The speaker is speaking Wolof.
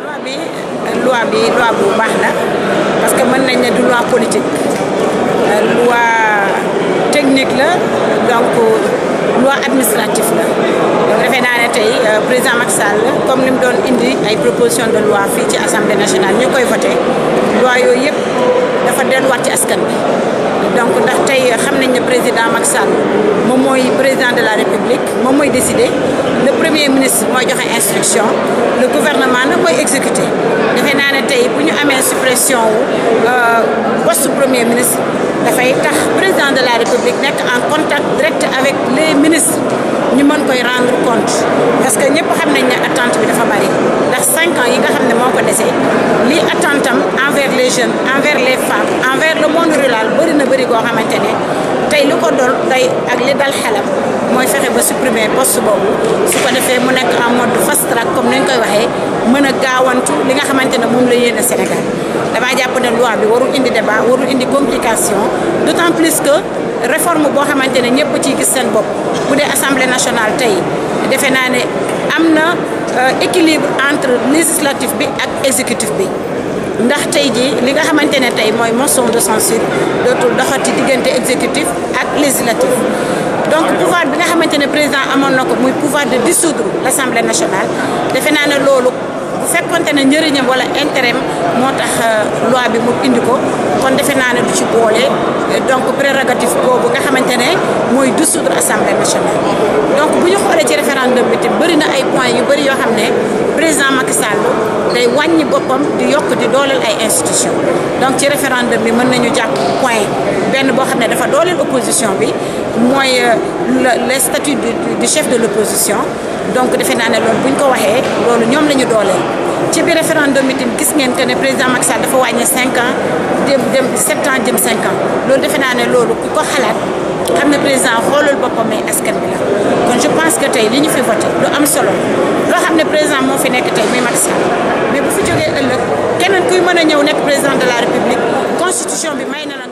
loi bi loi bi loi bu baax la parce que mën nañ ne du loi politique loi technique la donc loi administrative la donc defee naa ne tey euh, président Macky Sall comme ni mu doon indi ay proposition de loi fii ci assemblée nationale ñu koy voté loi yooyu yëpp dafa delluwaat ci askan bi donc ndax tey xam nañ ne président Macky Sall Moi, président de la république moi, moi, décidé. le premier ministre mooy une instruction le gouvernement nag exécuté. exécuter defe a ne tey suppression du euh, poste premier ministre dafay président de la république est en contact direct avec les ministres ñu mën koy rendre compte parce que n'y avons pas attentes attente bi dafa bari ndax cinq ans yi nga a ne moo envers les jeunes envers les femmes envers le monde rural bëri na bëri goo tey lu ko dol tey ak li dal xelam mooy fexe ba supprimer poste boobu su ko defee mu nekk en mode fast track comme ni ñu koy waxee mën a gaawantu li nga xamante ne moom la yéene Sénégal damaa jàpp ne loi bi warul indi débat warul indi complication d'autant plus que réforme boo xamante ne ñëpp ciy gis seen bopp bu dee assemblée nationale tey defe naa ne am na euh, équilibre entre législatif bi ak exécutif bi ndax tay jii li nga xamantene tay moy motion de censure dootul doxati diggante exécutif ak législatif donc pouvoir bi nga xamantene ne président amon nako moy pouvoir de dissoudre l'Assemblée nationale defe naa ne loolu bu fekkonte ne njëriñam wala intérêt motax euh, loi bi mu indi ko kon defe naa ne du ci bolé donc prérogative boobu nga xamantene ne dissoudre référendum bi te bëri na ay points yu bari yo xamné président Macky Sall day wañi bopam di yok di dooleel ay institution donc ci référendum bi mën nañu jàpp point ben bo xamné ne dafa dooleel opposition bi moy euh, le statut du chef de l'opposition donc defé nané ne loolu bu ko waxé loolu ñom lañu ñu ci bi référendum itam gis ngeen que né président Macky Sall dafa wañi 5 ans dem dem 7 ans dem 5 ans loolu defé nané ne loolu ku ko xalat xam ne président xoolul boppam mais askan bi la kon je pense que tey li ñu fi voté lu am solo loo xam ne président moo fi nekk tey muy Macky Sall mais bu fi jógee ëllëg keneen kuy mën a ñëw nekk président de la république constitution bi may na la.